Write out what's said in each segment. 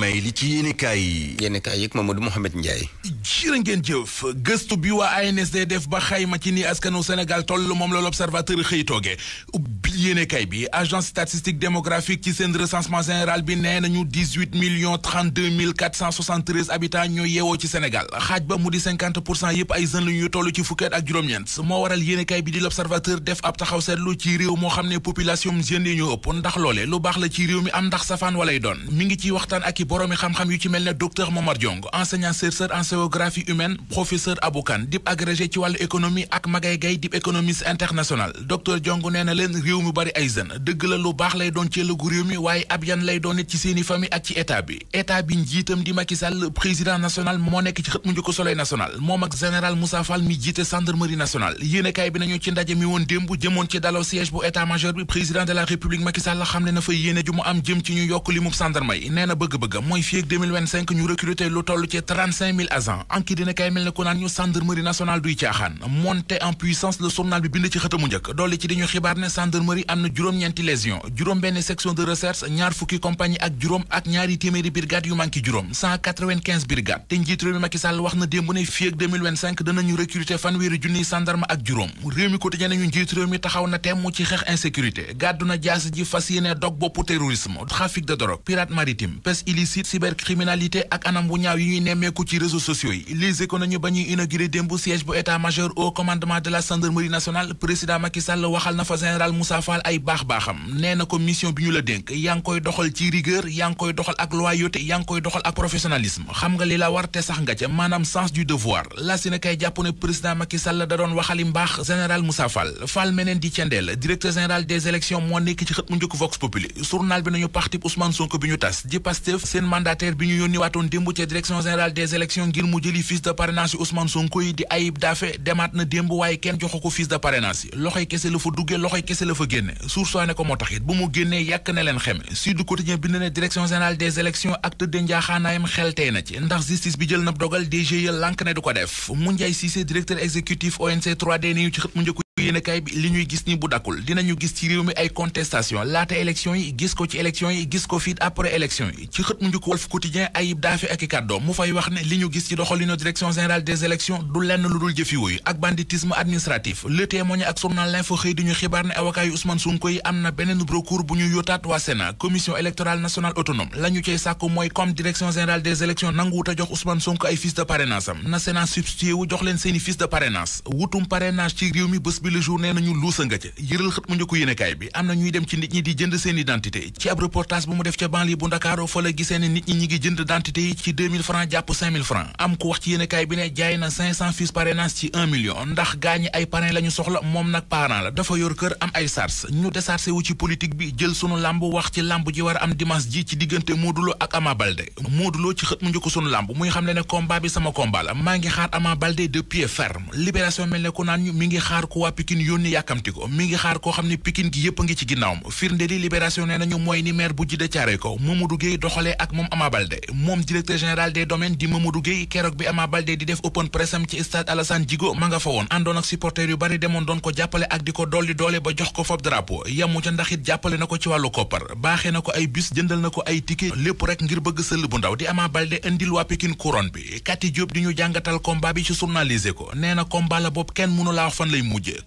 may li ci yéene kaay yi. yéene kaay yeeg Mamadou Mouhamed Ndiaye. jërë ngeen jëf gëstu bi waa ANSD def ba xayma ci ni askanu Sénégal toll moom la l'observateur xëy tooge yéene bi agence statistique démographique ci seen recensement général bi nee nañu dix-huit millions trente-deux mille quatre cent soixante-treize habitants ñoo yeewoo ci Sénégal xaaj ba mu di cinquante yëpp ay jeunes lu ñu toll ci fukki at ak juróom-ñeent moo waral yéene kay bi di l'observateur def ab taxaw seetlu ci réew moo xam ne population jeunes yi ñoo ëpp ndax loole lu baax la ci réew mi am boroomi xam-xam yu ci mel ne docteur Momar Diong enseignant chercheur en géographie humaine professeur Aboukan dip agrégé ci wàllu économie ak Magay Gay dip économiste international docteur Diong nee na leen réew mi bari ay jeunes dëgg la lu baax lay doon ci ëllëgu réew mi waaye ab yan lay doon it ci seeni famille ak ci état bi état bi njiitam di Macky président national moo nekk ci xët mu njëkk Soleil national moom ak général Moussa Fall mi jiite gendarmerie bi nañu ci ndaje mi woon démb jëmoon ci daloo siège bu état la xam ne na fa yéene ju mu ñu yokk li mu gendarme yi nee bëgg-bëgg mooy fii ak ñu recruter lu toll ci agents anki dina kay mel ñu gendarmerie nationale duy caaxaan monté en puissance le journal bi bind ci xëtamu njëkk dolli ci dañu xibaar ne gendarmerie am na juróom-ñeenti légion juróom benn section de recherche ñaar fukki compagnie ak juróom ak ñaari téeméeri brigade yu manki juróom 195 te njiit réew mi Macky wax na démb ne fii ak 2025 danañu fanweeri junniy gendarme ak juróom réew mi quotidien nañu illicite cybercriminalité ak anam bu ñaaw yi ñuy nemmeeku ci réseaux sociaux yi Les Échos nañu ba ñuy inauguré démb siège bu état-major au commandement de la gendarmerie nationale président Macky waxal na fa général Moussa ay baax-baaxam nee na ko mission bi ñu la dénk yaa koy doxal ci rigueur yaa koy doxal ak loyauté yaa ngi koy doxal ak professionnalisme xam nga li la war te sax nga ca maanaam sens du devoir la si ne kay jàpp ne président Macky Sall seen bi ñu yónni waatoon démb ca direction générale des élections ngir mu jëli fiche de parrainage Ousmane Sonko di Ayib Daffé demaat na démb waaye kenn joxu ko fiche de parrainage loxoy kese la fa dugge loxoy kese la fa génne sursoo ko moo tax bu mu génnee yàq na leen xeme Sud Quotidien bind na direction générale des élections acte de njaaxaanaayam xel na ci ndax justice bi jël na dogal DGE lànk ne du ko def mu Ndiaye d ci xët mu yéenekaay li ñuy gis ni bu dakul dinañu gis ci réew mi ay contestation laata élection yi gis ko ci élection yi gis ko fiit après élection yi ci xët mu njëkk Walf Quotidien Ayib Daffé ak i kàddoom mu fay wax ne li ñu gis ci doxalinu direction générale des élections du lenn lu dul jëfi wuyu ak banditisme administratif Le Témoin ak journal L'Info xëy di ñu xibaar ne avocat yu Ousmane yi am na beneen recours bu ñu yóotaat waa Sénat commission électorale bi le jour nee nañu luusa nga ca yëral xët mu njëkk yéenekaay bi am na ñuy dem ci nit ñi di jënd seen identité ci ab reportage bu mu def ca banlieue bu Ndakaaroo fa la gisee nit ñi ñi ngi jënd identité yi ci francs jàpp francs am ku wax ci yéenekaay bi ne jaay na 500 fiches ci 1 million ndax gaañi ay parrain la soxla moom nag parent la dafa yor kër am ay sars ñu desarcé ci politique bi jël sunu làmb wax ci làmb ji war a am dimanche ji ci diggante waa Pikine yónni yàkkamti ko mi ngi xaar koo xam ne Pikine gi yëpp a ngi ci ginnaawam firnde li libération nee nañu mooy ni maire bu jidda caare ko Mamadou Gueye doxalee ak moom Ama Baldé moom directeur général des domaines di Mamadou Gueye keroog bi Ama Baldé di def open press ci stade Alassane Djigo ma nga fa woon àndoon ak supporters yu bari demoon doon ko jàppale ak di ko dolli doole ba jox ko fob drapeau yamu ca ndax jàppale na ko ci wàllu ko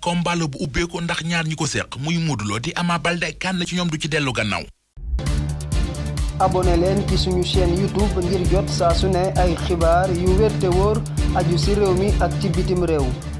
combat la bu ubbeeku ndax ñaar ñi ko séq muy Modou Lo di Ama Baldé kànn ci ñoom du ci dellu gannaaw abonné leen ci suñu seen youtube ngir jot saa su ne ay xibaar yu wér te wóor aju ci réew mi ak ci bitim réew